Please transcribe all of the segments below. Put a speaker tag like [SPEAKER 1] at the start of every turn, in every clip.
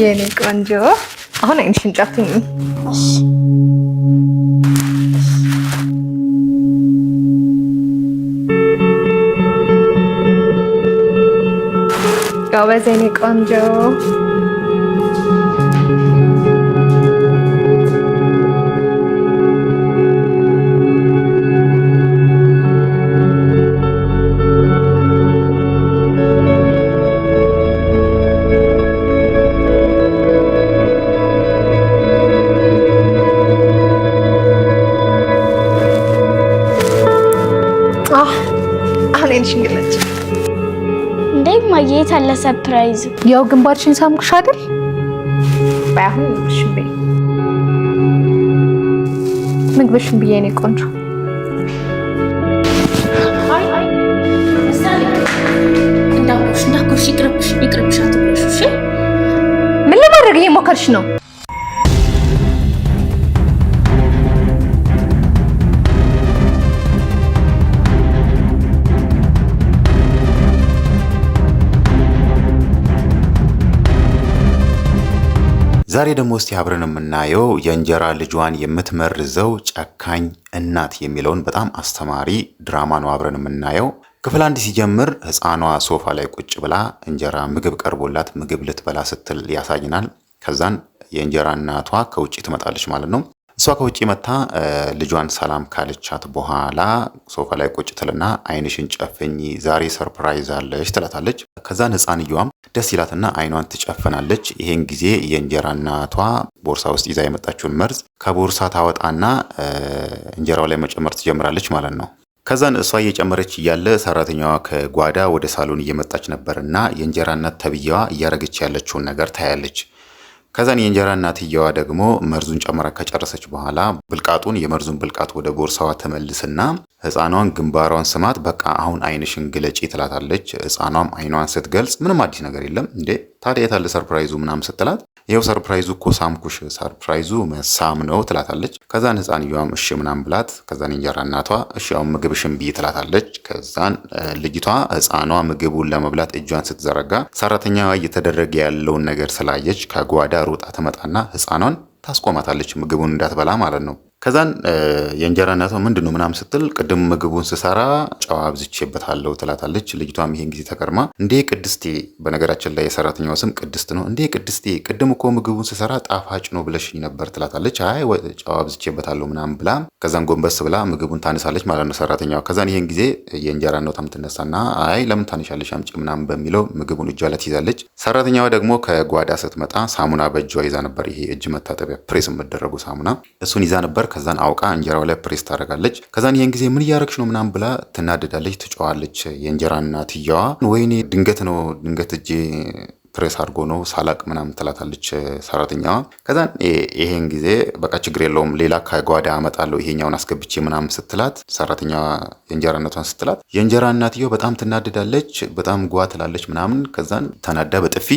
[SPEAKER 1] የኔ ቆንጆ አሁን አይንሽን ጨፍኝ። ጎበዝ የኔ ቆንጆ እኔን ሽንግለች
[SPEAKER 2] እንዴ ማየት አለ ሰርፕራይዝ።
[SPEAKER 1] ያው ግንባርሽን ሳምኩሽ አይደል? ባሁን ሽቤ ምግብሽን ብዬ ነው ቆንጆ
[SPEAKER 2] ምን ለማድረግ እየሞከርሽ ነው?
[SPEAKER 3] ዛሬ ደግሞ እስቲ አብረን የምናየው የእንጀራ ልጇን የምትመርዘው ጨካኝ እናት የሚለውን በጣም አስተማሪ ድራማ ነው አብረን የምናየው። ክፍል አንድ ሲጀምር ህፃኗ ሶፋ ላይ ቁጭ ብላ እንጀራ ምግብ ቀርቦላት ምግብ ልትበላ ስትል ያሳይናል። ከዛን የእንጀራ እናቷ ከውጭ ትመጣለች ማለት ነው። እሷ ከውጭ መታ ልጇን ሰላም ካለቻት በኋላ ሶፋ ላይ ቁጭ ትልና አይንሽን ጨፍኝ ዛሬ ሰርፕራይዝ አለሽ ትላታለች። ከዛ ህፃንየዋም ደስ ይላትና አይኗን ትጨፍናለች። ይሄን ጊዜ የእንጀራ እናቷ ቦርሳ ውስጥ ይዛ የመጣችውን መርዝ ከቦርሳ ታወጣና እንጀራው ላይ መጨመር ትጀምራለች ማለት ነው። ከዛን እሷ እየጨመረች እያለ ሰራተኛዋ ከጓዳ ወደ ሳሎን እየመጣች ነበርና የእንጀራ እናት ተብዬዋ እያረገች ያለችውን ነገር ታያለች። ከዛን የእንጀራ እናትየዋ ደግሞ መርዙን ጨምራ ከጨረሰች በኋላ ብልቃጡን የመርዙን ብልቃት ወደ ቦርሳዋ ተመልስና ህፃኗን ግንባሯን ስማት፣ በቃ አሁን አይንሽን ግለጪ ትላታለች። ህፃኗም አይኗን ስትገልጽ ምንም አዲስ ነገር የለም እንዴ ታዲያ የታለ ሰርፕራይዙ ምናም ስትላት ይኸው ሰርፕራይዙ እኮ ሳምኩሽ፣ ሰርፕራይዙ መሳም ነው ትላታለች። ከዛን ህፃንየዋም እሺ ምናም ብላት ከዛን እንጀራ እናቷ እሺ አሁን ምግብሽን ብይ ትላታለች። ከዛን ልጅቷ ህፃኗ ምግቡን ለመብላት እጇን ስትዘረጋ ሰራተኛዋ እየተደረገ ያለውን ነገር ስላየች ከጓዳ ሩጣ ትመጣና ህፃኗን ታስቆማታለች፣ ምግቡን እንዳትበላ ማለት ነው። ከዛን የእንጀራ እናቷ ምንድን ነው ምናምን ስትል ቅድም ምግቡን ስሰራ ጨው አብዝቼበታለሁ ትላታለች። ልጅቷም ይሄን ጊዜ ተቀርማ እንዴ ቅድስቴ፣ በነገራችን ላይ የሰራተኛው ስም ቅድስት ነው። እንዴ ቅድስቴ፣ ቅድም እኮ ምግቡን ስሰራ ጣፋጭ ነው ብለሽኝ ነበር ትላታለች። አይ ጨው አብዝቼበታለሁ ምናምን ብላ ከዛን ጎንበስ ብላ ምግቡን ታነሳለች ማለት ነው ሰራተኛዋ። ከዛን ይሄን ጊዜ የእንጀራ እናቷ የምትነሳና አይ ለምን ታነሻለሽ አምጪ ምናምን በሚለው ምግቡን እጇ ላይ ትይዛለች። ሰራተኛዋ ደግሞ ከጓዳ ስትመጣ ሳሙና በእጇ ይዛ ነበር። ይሄ እጅ መታጠቢያ ፕሬስ የምደረጉ ሳሙና እሱን ይዛ ነበር። ከዛን አውቃ እንጀራው ላይ ፕሬስ ታደርጋለች። ከዛን ይህን ጊዜ ምን እያረግሽ ነው ምናም ብላ ትናደዳለች፣ ትጮዋለች። የእንጀራ እናትየዋ ወይኔ ድንገት ነው ድንገት እጄ ፕሬስ አድርጎ ነው ሳላቅ ምናምን ትላታለች ሰራተኛዋ። ከዛን ይሄን ጊዜ በቃ ችግር የለውም ሌላ ከጓዳ አመጣለሁ ይሄኛውን አስገብቼ ምናምን ስትላት ሰራተኛዋ የእንጀራነቷን ስትላት የእንጀራ እናትየው በጣም ትናደዳለች። በጣም ጓ ትላለች ምናምን። ከዛን ተናዳ በጥፊ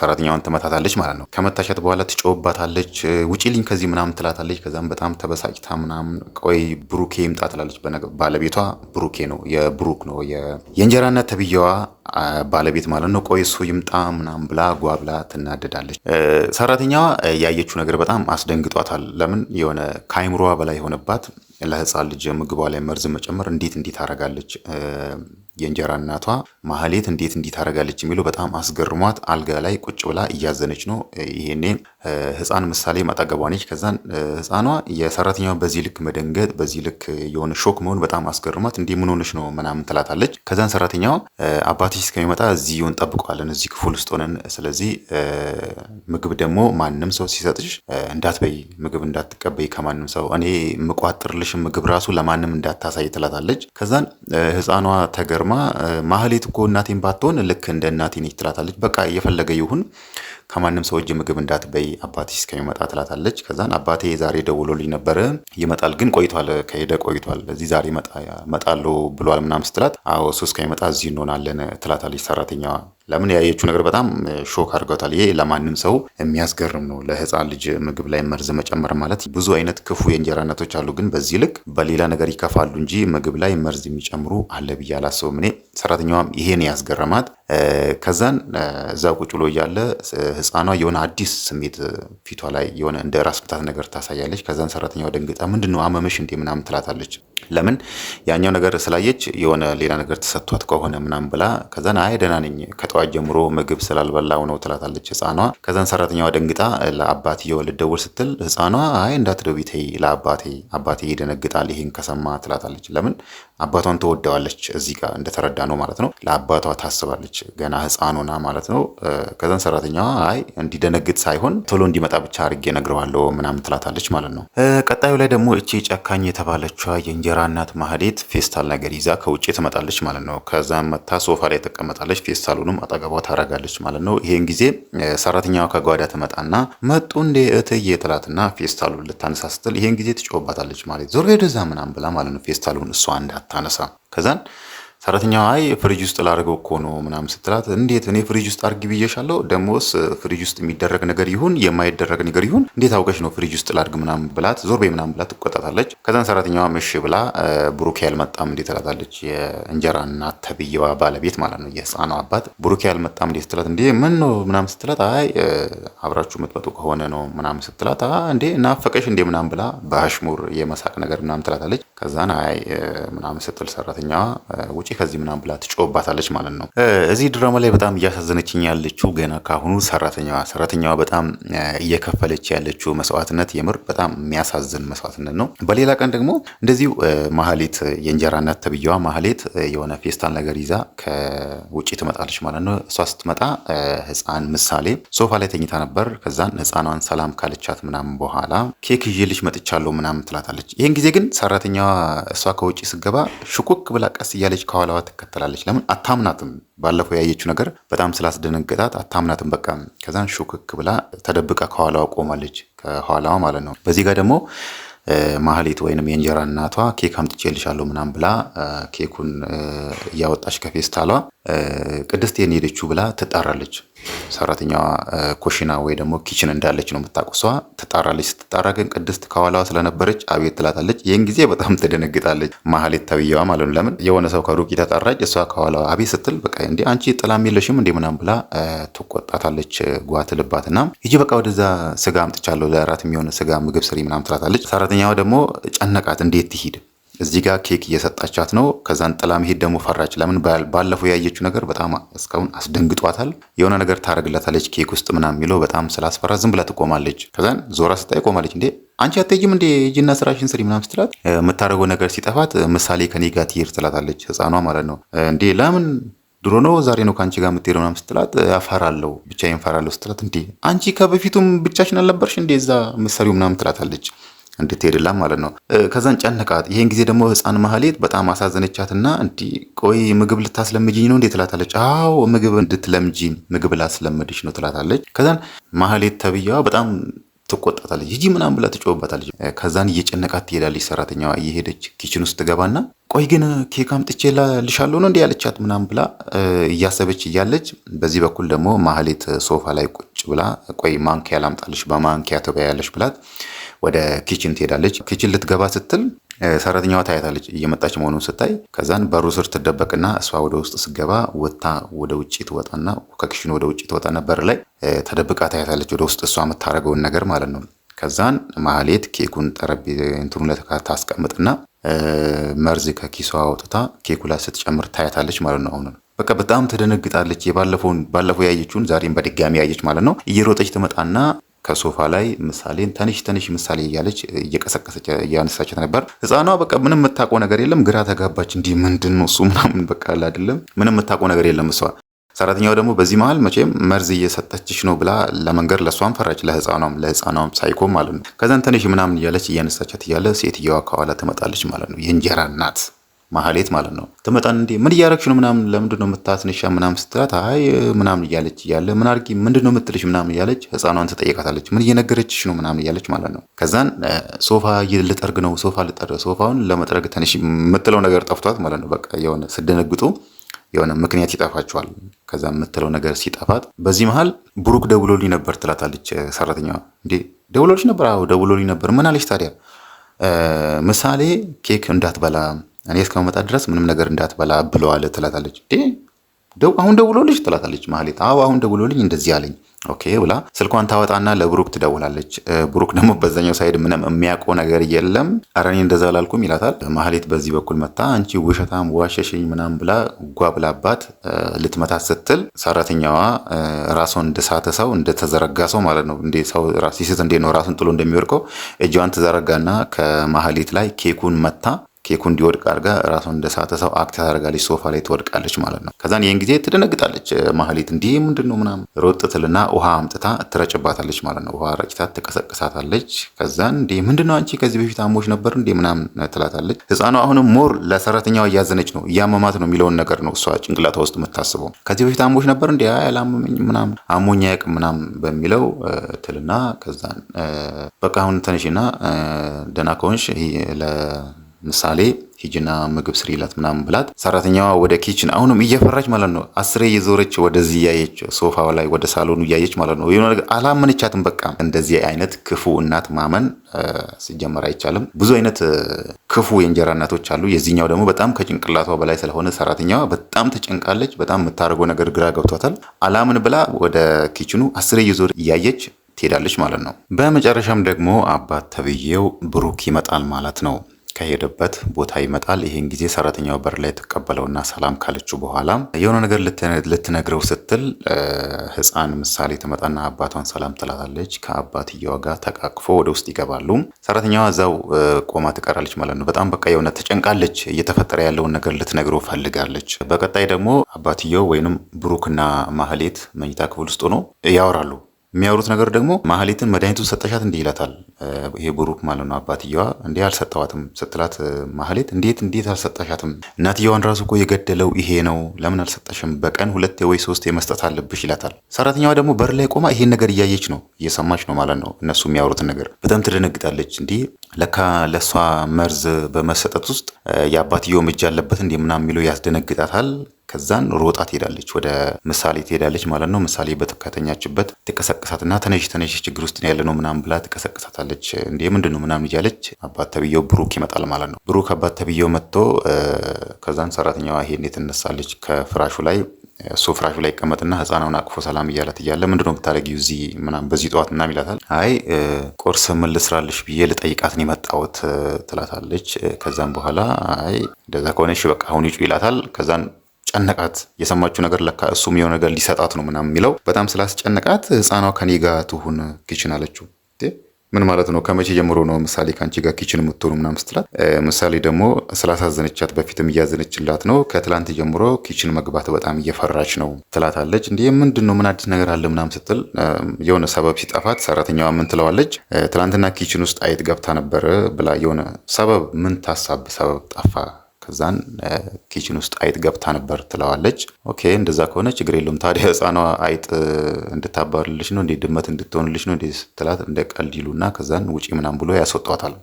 [SPEAKER 3] ሰራተኛዋን ትመታታለች ማለት ነው። ከመታሻት በኋላ ትጮባታለች። ውጪ ልኝ ከዚህ ምናምን ትላታለች። ከዛም በጣም ተበሳጭታ ምናምን ቆይ ብሩኬ ይምጣ ትላለች። ባለቤቷ ብሩኬ ነው የብሩክ ነው የእንጀራ እናት ተብዬዋ ባለቤት ማለት ነው። ቆይ እሱ ይምጣ ምናም ብላ ጓ ብላ ትናደዳለች። ሰራተኛዋ ያየችው ነገር በጣም አስደንግጧታል። ለምን የሆነ ከአይምሮዋ በላይ የሆነባት ለህፃን ልጅ ምግቧ ላይ መርዝ መጨመር እንዴት እንዴት አደርጋለች የእንጀራ እናቷ ማህሌት እንዴት እንዲህ ታደርጋለች የሚለው በጣም አስገርሟት አልጋ ላይ ቁጭ ብላ እያዘነች ነው። ይሄኔ ህፃን ምሳሌ ማጠገቧ ነች። ከዛን ህፃኗ የሰራተኛዋ በዚህ ልክ መደንገጥ፣ በዚህ ልክ የሆነ ሾክ መሆን በጣም አስገርሟት እንዲህ ምን ሆነች ነው ምናምን ትላታለች። ከዛን ሰራተኛዋ አባትሽ እስከሚመጣ እዚህ እንጠብቀዋለን፣ እዚህ ክፍል ውስጥ ሆነን፣ ስለዚህ ምግብ ደግሞ ማንም ሰው ሲሰጥሽ እንዳትበይ፣ ምግብ እንዳትቀበይ ከማንም ሰው እኔ ምቋጥርልሽ ምግብ ራሱ ለማንም እንዳታሳይ ትላታለች። ከዛን ህፃኗ ተገርማ ግርማ ማህሌት እኮ እናቴን ባትሆን ልክ እንደ እናቴ ነች ትላታለች። በቃ እየፈለገ ይሁን ከማንም ሰው እጅ ምግብ እንዳትበይ አባቴ እስከሚመጣ ትላታለች። ከዛን አባቴ ዛሬ ደውሎልኝ ነበረ ይመጣል፣ ግን ቆይቷል፣ ከሄደ ቆይቷል፣ እዚህ ዛሬ መጣለሁ ብሏል ምናምን ስትላት፣ አዎ እሱ እስከሚመጣ እዚህ እንሆናለን ትላታለች ሰራተኛዋ ለምን ያየችው ነገር በጣም ሾክ አድርጓታል። ይሄ ለማንም ሰው የሚያስገርም ነው። ለህፃን ልጅ ምግብ ላይ መርዝ መጨመር ማለት ብዙ አይነት ክፉ የእንጀራ አይነቶች አሉ፣ ግን በዚህ ልክ በሌላ ነገር ይከፋሉ እንጂ ምግብ ላይ መርዝ የሚጨምሩ አለ ብዬ አላስብም። እኔ ሰራተኛዋም ይሄን ያስገረማት። ከዛን እዛ ቁጭ ብሎ እያለ ህፃኗ የሆነ አዲስ ስሜት ፊቷ ላይ የሆነ እንደ ራስ ምታት ነገር ታሳያለች። ከዛን ሰራተኛዋ ደንግጣ ምንድን ነው አመመሽ እንዴ ምናምን ትላታለች። ለምን ያኛው ነገር ስላየች የሆነ ሌላ ነገር ተሰጥቷት ከሆነ ምናምን ብላ ከዛን አይ ደህና ነኝ ከጠ ከጠዋት ጀምሮ ምግብ ስላልበላው ነው ትላታለች ህፃኗ። ከዛን ሰራተኛዋ ደንግጣ ለአባትየው ልትደውል ስትል ህፃኗ አይ እንዳትደውይ ለአባቴ አባቴ ይደነግጣል ይሄን ከሰማ ትላታለች። ለምን አባቷን ትወደዋለች፣ እዚህ ጋር እንደተረዳ ነው ማለት ነው። ለአባቷ ታስባለች ገና ህፃኑና ማለት ነው። ከዛን ሰራተኛዋ አይ እንዲደነግጥ ሳይሆን ቶሎ እንዲመጣ ብቻ አድርጌ እነግረዋለሁ ምናምን ትላታለች ማለት ነው። ቀጣዩ ላይ ደግሞ እቺ ጨካኝ የተባለችዋ የእንጀራ እናት ማህሌት ፌስታል ነገር ይዛ ከውጭ ትመጣለች ማለት ነው። ከዛ መታ ሶፋ ላይ ተቀመጣለች። ፌስታሉንም አጠገቧ ታደርጋለች ማለት ነው። ይሄን ጊዜ ሰራተኛዋ ከጓዳ ትመጣና መጡ እንደ እትዬ ትላትና ፌስታሉን ልታነሳ ስትል ይሄን ጊዜ ትጮባታለች ማለት ዞር ወደዛ ምናምን ብላ ማለት ነው ፌስታሉን እሷ እንዳታነሳ ከዛን ሰራተኛዋ አይ ፍሪጅ ውስጥ ላደርገው እኮ ነው ምናምን ስትላት፣ እንዴት እኔ ፍሪጅ ውስጥ አርግ ብዬሻለሁ? ደግሞስ ፍሪጅ ውስጥ የሚደረግ ነገር ይሁን የማይደረግ ነገር ይሁን እንዴት አውቀሽ ነው ፍሪጅ ውስጥ ላድርግ ምናምን ብላት፣ ዞር በይ ምናምን ብላት ትቆጣታለች። ከዛን ሰራተኛዋ እሺ ብላ ብሩኬ ያልመጣም እንዴት ትላታለች። የእንጀራ እናት ተብዬዋ ባለቤት ማለት ነው፣ የህፃኗ አባት። ብሩኬ ያልመጣም እንዴት ስትላት፣ እንዴ ምን ነው ምናምን ስትላት፣ አይ አብራችሁ የምትመጡ ከሆነ ነው ምናምን ስትላት፣ እንዴ ናፈቀሽ እንዴ ምናምን ብላ በአሽሙር የመሳቅ ነገር ምናምን ትላታለች። ከዛን አይ ምናምን ስትል ሰራተኛዋ ከዚህ ምናምን ብላ ትጮባታለች ማለት ነው። እዚህ ድራማ ላይ በጣም እያሳዘነችኝ ያለችው ገና ካሁኑ ሰራተኛዋ ሰራተኛዋ በጣም እየከፈለች ያለችው መስዋዕትነት የምር በጣም የሚያሳዝን መስዋዕትነት ነው። በሌላ ቀን ደግሞ እንደዚሁ ማህሌት የእንጀራ እናት ተብዬዋ ማህሌት የሆነ ፌስታል ነገር ይዛ ከውጭ ትመጣለች ማለት ነው። እሷ ስትመጣ ህፃን ምሳሌ ሶፋ ላይ ተኝታ ነበር። ከዛን ህፃኗን ሰላም ካለቻት ምናምን በኋላ ኬክ ይዤልሽ መጥቻለሁ ምናምን ትላታለች። ይህን ጊዜ ግን ሰራተኛዋ እሷ ከውጭ ስገባ ሽኩክ ብላ ቀስ እያለች ከ ከኋላዋ ትከተላለች። ለምን አታምናትም? ባለፈው ያየችው ነገር በጣም ስላስደነገጣት አታምናትም። በቃ ከዛን ሹክክ ብላ ተደብቃ ከኋላዋ ቆማለች። ከኋላዋ ማለት ነው። በዚህ ጋር ደግሞ ማህሌት ወይንም የእንጀራ እናቷ ኬክ አምጥቼልሻለሁ ምናም ብላ ኬኩን እያወጣች ከፌስታሏ ቅድስት ሄደችው ብላ ትጣራለች። ሰራተኛዋ ኩሽና ወይ ደግሞ ኪችን እንዳለች ነው የምታውቁ። እሷ ትጣራለች። ስትጣራ ግን ቅድስት ከኋላዋ ስለነበረች አቤት ትላታለች። ይህን ጊዜ በጣም ትደነግጣለች፣ መሀሌት ተብዬዋ ማለት ነው። ለምን የሆነ ሰው ከሩቅ ተጠራች፣ እሷ ከኋላዋ አቤት ስትል በቃ እንዲ አንቺ ጥላም የለሽም እንዲ ምናም ብላ ትቆጣታለች። ጓት ልባት ና ይጂ በቃ ወደዛ ስጋ አምጥቻለሁ ለራት የሚሆነ ስጋ ምግብ ስሪ ምናም ትላታለች። ሰራተኛዋ ደግሞ ጨነቃት፣ እንዴት ትሂድ እዚህ ጋር ኬክ እየሰጣቻት ነው። ከዛን ጥላ መሄድ ደግሞ ፈራች። ለምን ባለፈው ያየችው ነገር በጣም እስካሁን አስደንግጧታል። የሆነ ነገር ታደርግላታለች ኬክ ውስጥ ምናም የሚለው በጣም ስላስፈራ ዝም ብላ ትቆማለች። ከዛን ዞራ ስታይ ቆማለች። እንዴ አንቺ አትሄጂም እንዴ ሂጂና ስራሽን ስሪ ምናም ስትላት የምታደርገው ነገር ሲጠፋት ምሳሌ ከኔ ጋር ትሄድ ትላታለች። ህፃኗ ማለት ነው። እንዴ ለምን ድሮ ነው ዛሬ ነው ከአንቺ ጋር የምትሄደው ምናምን ስትላት እፈራለሁ ብቻዬን እፈራለሁ ስትላት እንዴ አንቺ ከበፊቱም ብቻሽን አልነበርሽ እንዴ እዛ ምሳሌው ምናም ትላታለች። እንድትሄድላት ማለት ነው። ከዛን ጨነቃት። ይሄን ጊዜ ደግሞ ህፃን ማህሌት በጣም አሳዘነቻትና እንዲ ቆይ ምግብ ልታስለምጅኝ ነው እንዴ ትላታለች። አዎ ምግብ እንድትለምጂ ምግብ ላስለምድሽ ነው ትላታለች። ከዛን ማህሌት ተብያዋ በጣም ትቆጣታለች። ሂጂ ምናምን ብላ ትጮህባታለች። ከዛን እየጨነቃት ትሄዳለች። ሰራተኛዋ እየሄደች ኪችን ውስጥ ትገባና ቆይ ግን ኬክ አምጥቼ ልሻለሁ ነው እንዲህ ያለቻት ምናምን ብላ እያሰበች እያለች፣ በዚህ በኩል ደግሞ ማህሌት ሶፋ ላይ ቁጭ ብላ ቆይ ማንኪያ ላምጣልሽ፣ በማንኪያ ትበያለሽ ብላት ወደ ኪችን ትሄዳለች። ኪችን ልትገባ ስትል ሰራተኛዋ ታያታለች እየመጣች መሆኑን ስታይ፣ ከዛን በሩ ስር ትደበቅና እሷ ወደ ውስጥ ስገባ ወታ ወደ ውጭ ትወጣና ከኪችን ወደ ውጭ ትወጣና በር ላይ ተደብቃ ታያታለች። ወደ ውስጥ እሷ የምታደርገውን ነገር ማለት ነው። ከዛን ማህሌት ኬኩን ጠረጴዛ እንትኑ ላይ ታስቀምጥና መርዝ ከኪሷ አውጥታ ኬኩ ላይ ስትጨምር ታያታለች ማለት ነው። አሁን በቃ በጣም ትደነግጣለች። የባለፈውን ባለፈው ያየችውን ዛሬም በድጋሚ ያየች ማለት ነው። እየሮጠች ትመጣና ከሶፋ ላይ ምሳሌን ተንሽ ተንሽ ምሳሌ እያለች እየቀሰቀሰች እያነሳችት ነበር። ህፃኗ በቃ ምንም የምታውቀው ነገር የለም፣ ግራ ተጋባች። እንዲህ ምንድን ነው እሱ ምናምን በቃ አይደለም ምንም የምታውቀው ነገር የለም እሷ ሰራተኛው ደግሞ በዚህ መሀል መቼም መርዝ እየሰጠችሽ ነው ብላ ለመንገር ለእሷም ፈራች፣ ለህፃኗም ለህፃኗም ሳይኮ ማለት ነው። ከዛን ትንሽ ምናምን እያለች እያነሳቻት እያለ ሴትየዋ ከኋላ ትመጣለች ማለት ነው። የእንጀራ እናት ማህሌት ማለት ነው። ትመጣን እንዴ ምን እያረግሽ ነው ምናምን ለምንድን ነው የምታስነሻ ምናምን ስትላት አይ ምናምን እያለች እያለ ምን አድርጊ ምንድን ነው የምትልሽ ምናምን እያለች ህፃኗን ትጠይቃታለች። ምን እየነገረችሽ ነው ምናምን እያለች ማለት ነው። ከዛን ሶፋ ልጠርግ ነው ሶፋ ልጠርግ ሶፋውን ለመጥረግ ትንሽ የምትለው ነገር ጠፍቷት ማለት ነው። በቃ የሆነ ስደነግጡ የሆነ ምክንያት ይጠፋቸዋል። ከዛ የምትለው ነገር ሲጠፋት በዚህ መሀል ብሩክ ደውሎልኝ ነበር ትላታለች ሰራተኛዋ። እንዴ ደውሎልሽ ነበር? አዎ ደውሎልኝ ነበር። ምን አለች ታዲያ? ምሳሌ ኬክ እንዳትበላ እኔ እስከመጣ ድረስ ምንም ነገር እንዳትበላ ብለዋል ትላታለች። አሁን ደውሎልሽ? ትላታለች ማህሌት። አዎ አሁን ደውሎልኝ እንደዚህ አለኝ ኦኬ ብላ ስልኳን ታወጣና ለብሩክ ትደውላለች። ብሩክ ደግሞ በዛኛው ሳይድ ምንም የሚያውቀው ነገር የለም። ኧረ እኔ እንደዛ አላልኩም ይላታል። ማህሌት በዚህ በኩል መታ አንቺ ውሸታም ዋሸሽኝ ምናም ብላ ጓ ብላባት ልትመታት ስትል ሰራተኛዋ ራሱን እንደሳተ ሰው እንደተዘረጋ ሰው ማለት ነው። እንዴ ሰው ሲስት እንዴ ነው ራሱን ጥሎ እንደሚወድቀው እጇን ትዘረጋና ከማህሌት ላይ ኬኩን መታ ኬኩ እንዲወድቅ አድርጋ ራሷን እንደሳተ ሰው አክት ታደርጋለች። ሶፋ ላይ ትወድቃለች ማለት ነው። ከዛን ይህን ጊዜ ትደነግጣለች ማህሌት። እንዲህ ምንድን ነው ምናምን ሮጥ ትልና ውሃ አምጥታ ትረጭባታለች ማለት ነው። ውሃ ረጭታት ትቀሰቅሳታለች። ከዛን እንዲህ ምንድን ነው አንቺ ከዚህ በፊት አሞች ነበር እንዲህ ምናምን ትላታለች። ህፃኗ አሁንም ሞር ለሰራተኛዋ እያዘነች ነው እያመማት ነው የሚለውን ነገር ነው እሷ ጭንቅላቷ ውስጥ የምታስበው። ከዚህ በፊት አሞች ነበር እንዲ አላመመኝ ምናምን አሞኝ አያውቅም ምናምን በሚለው ትልና ከዛን በቃ አሁን ተነሽና ደህና ከሆንሽ ምሳሌ ሂጅና ምግብ ስሪላት ምናምን ብላት ሰራተኛዋ ወደ ኪችን አሁንም እየፈራች ማለት ነው። አስሬ እየዞረች ወደዚህ እያየች ሶፋው ላይ ወደ ሳሎኑ እያየች ማለት ነው። የሆነ ነገር አላመነቻትም። በቃ እንደዚህ አይነት ክፉ እናት ማመን ሲጀመር አይቻልም። ብዙ አይነት ክፉ የእንጀራ እናቶች አሉ። የዚህኛው ደግሞ በጣም ከጭንቅላቷ በላይ ስለሆነ ሰራተኛዋ በጣም ተጨንቃለች። በጣም የምታደርገው ነገር ግራ ገብቷታል። አላምን ብላ ወደ ኪችኑ አስሬ እየዞረች እያየች ትሄዳለች ማለት ነው። በመጨረሻም ደግሞ አባት ተብዬው ብሩክ ይመጣል ማለት ነው። ከሄደበት ቦታ ይመጣል። ይህን ጊዜ ሰራተኛው በር ላይ ትቀበለውና ሰላም ካለችው በኋላ የሆነ ነገር ልትነግረው ስትል ህፃን ምሳሌ ትመጣና አባቷን ሰላም ትላታለች። ከአባትየዋ ጋር ተቃቅፎ ወደ ውስጥ ይገባሉ። ሰራተኛዋ እዛው ቆማ ትቀራለች ማለት ነው። በጣም በቃ የሆነ ተጨንቃለች። እየተፈጠረ ያለውን ነገር ልትነግረው ፈልጋለች። በቀጣይ ደግሞ አባትየው ወይንም ብሩክና ማህሌት መኝታ ክፍል ውስጥ ሆኖ ያወራሉ። የሚያወሩት ነገር ደግሞ ማህሌትን መድኃኒቱን ሰጠሻት እንዲህ ይላታል። ይሄ ብሩክ ማለት ነው። አባትየዋ እንዲህ አልሰጠዋትም ስትላት ማህሌት እንዴት እንዴት አልሰጠሻትም? እናትየዋን ራሱ እኮ የገደለው ይሄ ነው። ለምን አልሰጠሽም? በቀን ሁለቴ ወይ ሶስቴ መስጠት አለብሽ ይላታል። ሰራተኛዋ ደግሞ በር ላይ ቆማ ይሄን ነገር እያየች ነው፣ እየሰማች ነው ማለት ነው። እነሱ የሚያወሩትን ነገር በጣም ትደነግጣለች። እንዲህ ለካ ለእሷ መርዝ በመሰጠት ውስጥ የአባትየው እጅ አለበት እንዲህ ምናምን የሚለው ያስደነግጣታል። ከዛን ሮጣ ትሄዳለች፣ ወደ ምሳሌ ትሄዳለች ማለት ነው። ምሳሌ ከተኛችበት ትቀሰቅሳትና ተነሽ ተነሽ ችግር ውስጥ ያለ ነው ምናምን ብላ ትቀሰቅሳታለች። እንዴ ምንድን ነው ምናምን እያለች አባት ተብዬው ብሩክ ይመጣል ማለት ነው። ብሩክ አባት ተብዬው መጥቶ ከዛን ሰራተኛዋ ሄድ ትነሳለች ከፍራሹ ላይ እሱ ፍራሹ ላይ ይቀመጥና ህፃናውን አቅፎ ሰላም እያላት እያለ ምንድነው የምታደርጊው እዚህ ምናምን በዚህ ጠዋት ምናምን ይላታል። አይ ቁርስ ምን ልስራልሽ ብዬ ልጠይቃት ነው የመጣሁት ትላታለች። ከዛም በኋላ አይ እንደዛ ከሆነ እሺ በቃ አሁን ይጩ ይላታል። ከዛን ጨነቃት። የሰማችው ነገር ለካ እሱም የሆነ ነገር ሊሰጣት ነው ምናምን የሚለው በጣም ስላስጨነቃት ህፃኗ ከኔ ጋር ትሁን ኪችን አለችው። ምን ማለት ነው? ከመቼ ጀምሮ ነው ምሳሌ ከአንቺ ጋር ኪችን የምትሆኑ ምናምን ስትላት፣ ምሳሌ ደግሞ ስላሳዘነቻት በፊትም እያዘነችላት ነው። ከትላንት ጀምሮ ኪችን መግባት በጣም እየፈራች ነው ትላታለች። እንዲህ ምንድን ነው ምን አዲስ ነገር አለ ምናምን ስትል የሆነ ሰበብ ሲጠፋት ሰራተኛዋ ምን ትለዋለች? ትላንትና ኪችን ውስጥ አይጥ ገብታ ነበር ብላ የሆነ ሰበብ ምን ታሳብ ሰበብ ጠፋ ከዛን ኪችን ውስጥ አይጥ ገብታ ነበር ትለዋለች። ኦኬ እንደዛ ከሆነ ችግር የለውም ታዲያ ህፃኗ አይጥ እንድታባርልሽ ነው እንዴ ድመት እንድትሆንልሽ ነው እንዴ ስትላት እንደ ቀልድ ይሉና ከዛን ውጪ ምናም ብሎ ያስወጧታል።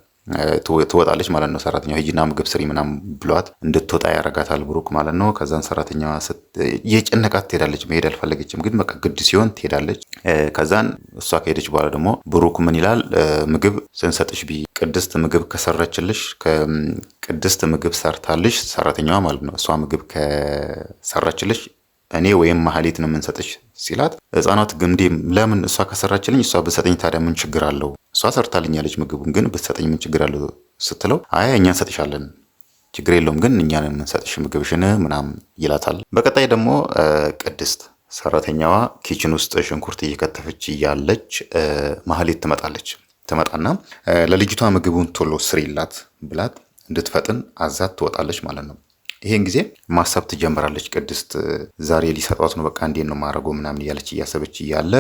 [SPEAKER 3] ትወጣለች ማለት ነው። ሰራተኛ ሂጂና ምግብ ስሪ ምናምን ብሏት እንድትወጣ ያረጋታል ብሩክ ማለት ነው። ከዛን ሰራተኛዋ የጨነቃት ትሄዳለች። መሄድ አልፈለገችም፣ ግን በቃ ግድ ሲሆን ትሄዳለች። ከዛን እሷ ከሄደች በኋላ ደግሞ ብሩክ ምን ይላል? ምግብ ስንሰጥሽ ቢ ቅድስት ምግብ ከሰረችልሽ ቅድስት ምግብ ሰርታልሽ ሰራተኛዋ ማለት ነው። እሷ ምግብ ከሰረችልሽ እኔ ወይም መሀሌት ነው የምንሰጥሽ ሲላት፣ ህፃናት ግንዴ ለምን እሷ ከሰራችልኝ እሷ ብሰጠኝ ታዲያ ምን ችግር አለው እሷ ሰርታልኛለች ምግቡን ግን ብትሰጠኝ ምን ችግር አለው ስትለው አይ እኛ እንሰጥሻለን ችግር የለውም ግን እኛን የምንሰጥሽ ምግብሽን ምናም ይላታል። በቀጣይ ደግሞ ቅድስት ሰራተኛዋ ኪችን ውስጥ ሽንኩርት እየከተፈች እያለች ማህሌት ትመጣለች። ትመጣና ለልጅቷ ምግቡን ቶሎ ስሪላት ብላት እንድትፈጥን አዛት ትወጣለች ማለት ነው። ይሄን ጊዜ ማሰብ ትጀምራለች። ቅድስት ዛሬ ሊሰጧት ነው፣ በቃ እንዴት ነው ማድረጎ ምናምን እያለች እያሰበች እያለ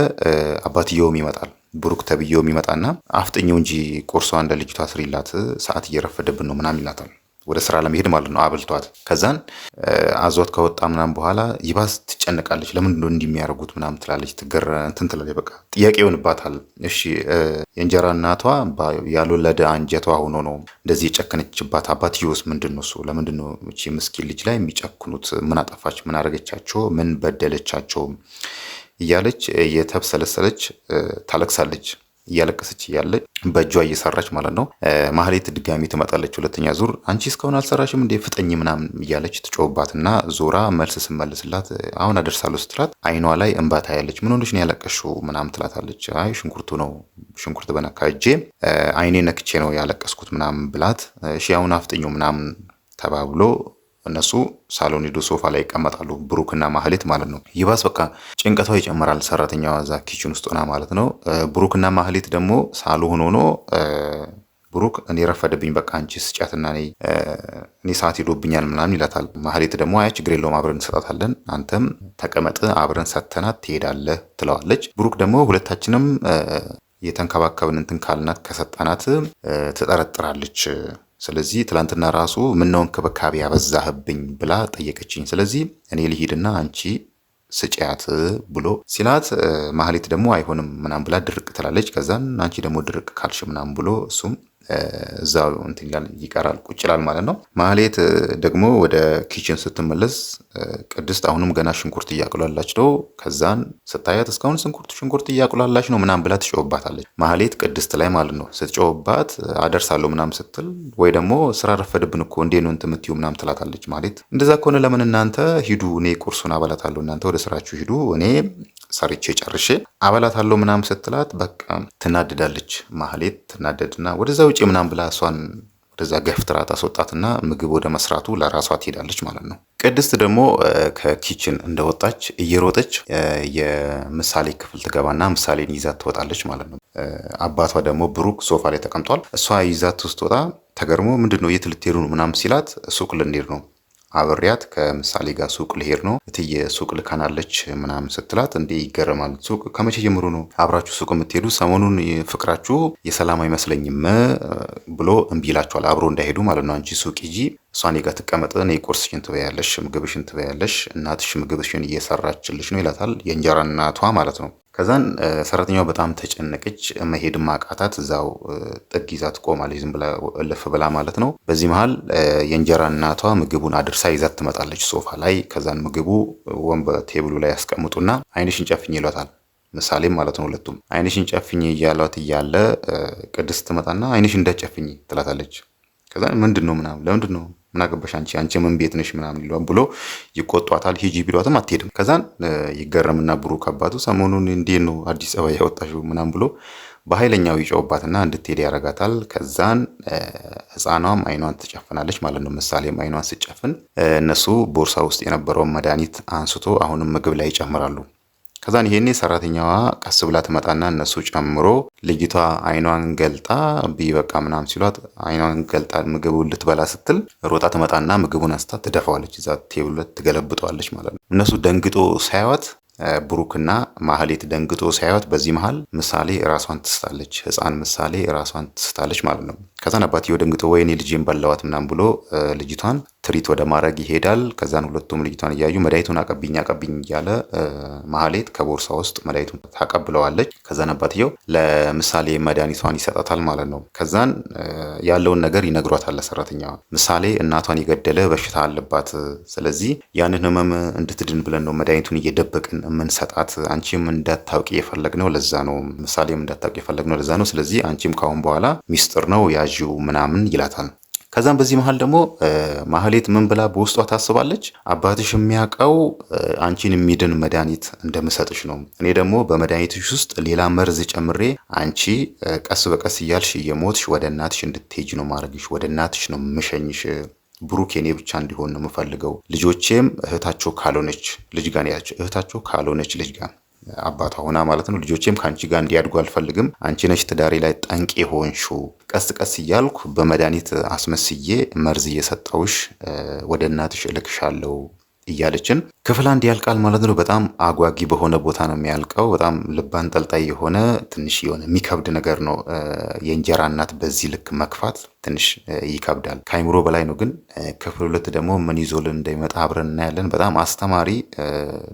[SPEAKER 3] አባትየውም ይመጣል። ብሩክ ተብዬው የሚመጣና አፍጥኘው እንጂ ቁርሷ እንደ ልጅቷ ስሪላት ሰዓት እየረፈደብን ነው ምናምን ይላታል። ወደ ስራ ለመሄድ ማለት ነው አብልቷት። ከዛን አዟት ከወጣ ምናምን በኋላ ይባስ ትጨነቃለች። ለምንድን ነው እንዲህ የሚያደርጉት ምናምን ትላለች። ትገረ እንትን ትላለች። በቃ ጥያቄ ይሆንባታል። እሺ የእንጀራ እናቷ ያልወለደ አንጀቷ ሆኖ ነው እንደዚህ የጨከነችባት። አባትዮስ ምንድን ነው እሱ? ለምንድን ነው ምስኪን ልጅ ላይ የሚጨክኑት? ምን አጠፋች? ምን አደረገቻቸው? ምን በደለቻቸው? እያለች የተብሰለሰለች ታለቅሳለች። እያለቀሰች እያለ በእጇ እየሰራች ማለት ነው። ማህሌት ድጋሚ ትመጣለች። ሁለተኛ ዙር አንቺ እስካሁን አልሰራሽም እንዴ ፍጠኝ ምናምን እያለች ትጮህባትና ዞራ መልስ ስመልስላት አሁን አደርሳለሁ ስትላት አይኗ ላይ እንባ ታያለች። ምን ሆነሽ ነው ያለቀሽው ምናምን ትላታለች። አይ ሽንኩርቱ ነው ሽንኩርት በነካ እጄ አይኔ ነክቼ ነው ያለቀስኩት ምናምን ብላት እሺ አሁን አፍጥኙ ምናምን ተባብሎ እነሱ ሳሎን ሄዶ ሶፋ ላይ ይቀመጣሉ፣ ብሩክና ማህሌት ማለት ነው። ይባስ በቃ ጭንቀቷ ይጨምራል። ሰራተኛዋ እዛ ኪችን ውስጥ ሆና ማለት ነው። ብሩክና ማህሌት ደግሞ ሳሎ ሆኖ ብሩክ እኔ ረፈደብኝ፣ በቃ አንቺ ስጫትና እኔ ሰዓት ሄዶብኛል ምናምን ይላታል። ማህሌት ደግሞ አያ ችግር የለውም አብረን እንሰጣታለን፣ አንተም ተቀመጥ አብረን ሰተናት ትሄዳለህ ትለዋለች። ብሩክ ደግሞ ሁለታችንም የተንከባከብን እንትን ካልናት ትጠረጥራለች ስለዚህ ትላንትና ራሱ ምነው እንክብካቤ ያበዛህብኝ ብላ ጠየቀችኝ። ስለዚህ እኔ ልሂድና አንቺ ስጪያት ብሎ ሲላት ማህሌት ደግሞ አይሆንም ምናም ብላ ድርቅ ትላለች። ከዛን አንቺ ደግሞ ድርቅ ካልሽ ምናም ብሎ እሱም እዛ እንትን ይቀራል ቁጭ ይላል ማለት ነው። ማህሌት ደግሞ ወደ ኪችን ስትመለስ ቅድስት አሁንም ገና ሽንኩርት እያቁላላች ነው። ከዛን ስታያት እስካሁን ሽንኩርት ሽንኩርት እያቁላላች ነው ምናም ብላ ትጮህባታለች። ማህሌት ቅድስት ላይ ማለት ነው። ስትጮህባት አደርሳለሁ ምናም ስትል ወይ ደግሞ ስራ ረፈድብን እኮ እንዴ ነው እንትን የምትይው ምናም ትላታለች። ማህሌት እንደዛ ከሆነ ለምን እናንተ ሂዱ፣ እኔ ቁርሱን አበላታለሁ፣ እናንተ ወደ ስራችሁ ሂዱ፣ እኔ ሰርቼ ጨርሼ አበላታለሁ ምናም ስትላት በቃ ትናደዳለች። ማህሌት ትናደድና ወደዛ ውጪ ምናም ብላ እሷን ወደዛ ገፍትራ ታስወጣትና ምግብ ወደ መስራቱ ለራሷ ትሄዳለች ማለት ነው። ቅድስት ደግሞ ከኪችን እንደወጣች እየሮጠች የምሳሌ ክፍል ትገባና ምሳሌን ይዛት ትወጣለች ማለት ነው። አባቷ ደግሞ ብሩክ ሶፋ ላይ ተቀምጧል። እሷ ይዛት ስትወጣ ተገርሞ ምንድን ነው የት ልትሄዱ ነው ምናምን ሲላት ሱቅ ልንሄድ ነው አብሬያት ከምሳሌ ጋር ሱቅ ልሄድ ነው እትዬ ሱቅ ልካናለች ምናምን ስትላት፣ እንዴ ይገረማል። ሱቅ ከመቼ ጀምሮ ነው አብራችሁ ሱቅ የምትሄዱ? ሰሞኑን ፍቅራችሁ የሰላም አይመስለኝም ብሎ እምቢ ይላችኋል፣ አብሮ እንዳይሄዱ ማለት ነው። አንቺ ሱቅ ሂጂ እሷ እኔ ጋር ትቀመጥ፣ እኔ ቁርስሽን ትበያለሽ፣ ምግብሽን ትበያለሽ፣ እናትሽ ምግብሽን እየሰራችልሽ ነው ይላታል። የእንጀራ እናቷ ማለት ነው። ከዛን ሰራተኛው በጣም ተጨነቀች፣ መሄድ ማቃታት፣ እዛው ጥግ ይዛ ትቆማለች፣ ዝም ብላ እልፍ ብላ ማለት ነው። በዚህ መሀል የእንጀራ እናቷ ምግቡን አድርሳ ይዛት ትመጣለች ሶፋ ላይ። ከዛን ምግቡ ወንበር ቴብሉ ላይ ያስቀምጡና ዓይንሽን ጨፍኝ ይሏታል። ምሳሌም ማለት ነው ሁለቱም ዓይንሽን ጨፍኝ እያሏት እያለ ቅድስት ትመጣና ዓይንሽን እንዳጨፍኝ ትላታለች። ከዛ ምንድን ነው ምናምን ለምንድን ነው ምን አገባሽ አንቺ አንቺ ምን ቤት ነሽ ምናምን ይሏል ብሎ ይቆጧታል። ሂጂ ቢሏትም አትሄድም። ከዛን ይገረምና ብሩክ አባቱ ሰሞኑን እንዴት ነው አዲስ አበባ ያወጣሽው ምናምን ብሎ በኃይለኛው ይጮህባትና እንድትሄድ ያረጋታል። ከዛን ህፃኗም አይኗን ትጨፍናለች ማለት ነው። ምሳሌም አይኗን ስጨፍን እነሱ ቦርሳ ውስጥ የነበረውን መድኃኒት አንስቶ አሁንም ምግብ ላይ ይጨምራሉ። ከዛን ይሄኔ ሰራተኛዋ ቀስ ብላ ትመጣና እነሱ ጨምሮ ልጅቷ አይኗን ገልጣ ብይ በቃ ምናም ሲሏት አይኗን ገልጣ ምግቡ ልትበላ ስትል ሮጣ ትመጣና ምግቡን አንስታ ትደፋዋለች። እዛ ቴብሉ ትገለብጠዋለች ማለት ነው። እነሱ ደንግጦ ሳያዋት ብሩክና ማህሌት ደንግጦ ሳያዩት በዚህ መሀል ምሳሌ ራሷን ትስታለች። ህፃን ምሳሌ ራሷን ትስታለች ማለት ነው። ከዛን አባትየው ደንግጦ ወይኔ ልጄን በላዋት ምናም ብሎ ልጅቷን ትሪት ወደ ማድረግ ይሄዳል። ከዛን ሁለቱም ልጅቷን እያዩ መድኃኒቱን አቀብኝ አቀብኝ እያለ ማህሌት ከቦርሳ ውስጥ መድኃኒቱን ታቀብለዋለች። ከዛን አባትየው ለምሳሌ መድኃኒቷን ይሰጣታል ማለት ነው። ከዛን ያለውን ነገር ይነግሯታል ለሰራተኛዋ። ምሳሌ እናቷን የገደለ በሽታ አለባት፣ ስለዚህ ያንን ህመም እንድትድን ብለን ነው መድኃኒቱን እየደበቅን የምንሰጣት። አንቺም እንዳታውቂ የፈለግነው ለዛ ነው፣ ምሳሌም እንዳታውቂ የፈለግነው ለዛ ነው። ስለዚህ አንቺም ካሁን በኋላ ሚስጥር ነው ያዥው ምናምን ይላታል። ከዛም በዚህ መሀል ደግሞ ማህሌት ምን ብላ በውስጧ ታስባለች? አባትሽ የሚያውቀው አንቺን የሚድን መድኃኒት እንደምሰጥሽ ነው። እኔ ደግሞ በመድኃኒትሽ ውስጥ ሌላ መርዝ ጨምሬ አንቺ ቀስ በቀስ እያልሽ እየሞትሽ ወደ እናትሽ እንድትሄጂ ነው ማድረግሽ። ወደ እናትሽ ነው የምሸኝሽ። ብሩክ የኔ ብቻ እንዲሆን ነው የምፈልገው። ልጆቼም እህታቸው ካልሆነች ልጅ ያቸው እህታቸው ካልሆነች ልጅ ጋር አባቷ ሆና ማለት ነው። ልጆቼም ከአንቺ ጋር እንዲያድጉ አልፈልግም። አንቺ ነች ትዳሬ ላይ ጠንቅ የሆንሹ። ቀስ ቀስ እያልኩ በመድኃኒት አስመስዬ መርዝ እየሰጠውሽ ወደ እናትሽ እልክሻለሁ እያለችን ክፍል አንድ ያልቃል ማለት ነው። በጣም አጓጊ በሆነ ቦታ ነው የሚያልቀው። በጣም ልብ አንጠልጣይ የሆነ ትንሽ የሆነ የሚከብድ ነገር ነው። የእንጀራ እናት በዚህ ልክ መክፋት ትንሽ ይከብዳል፣ ከአይምሮ በላይ ነው። ግን ክፍል ሁለት ደግሞ ምን ይዞልን እንደሚመጣ አብረን እናያለን። በጣም አስተማሪ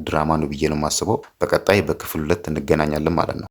[SPEAKER 3] ድራማ ነው ብዬ ነው የማስበው። በቀጣይ በክፍል ሁለት እንገናኛለን ማለት ነው።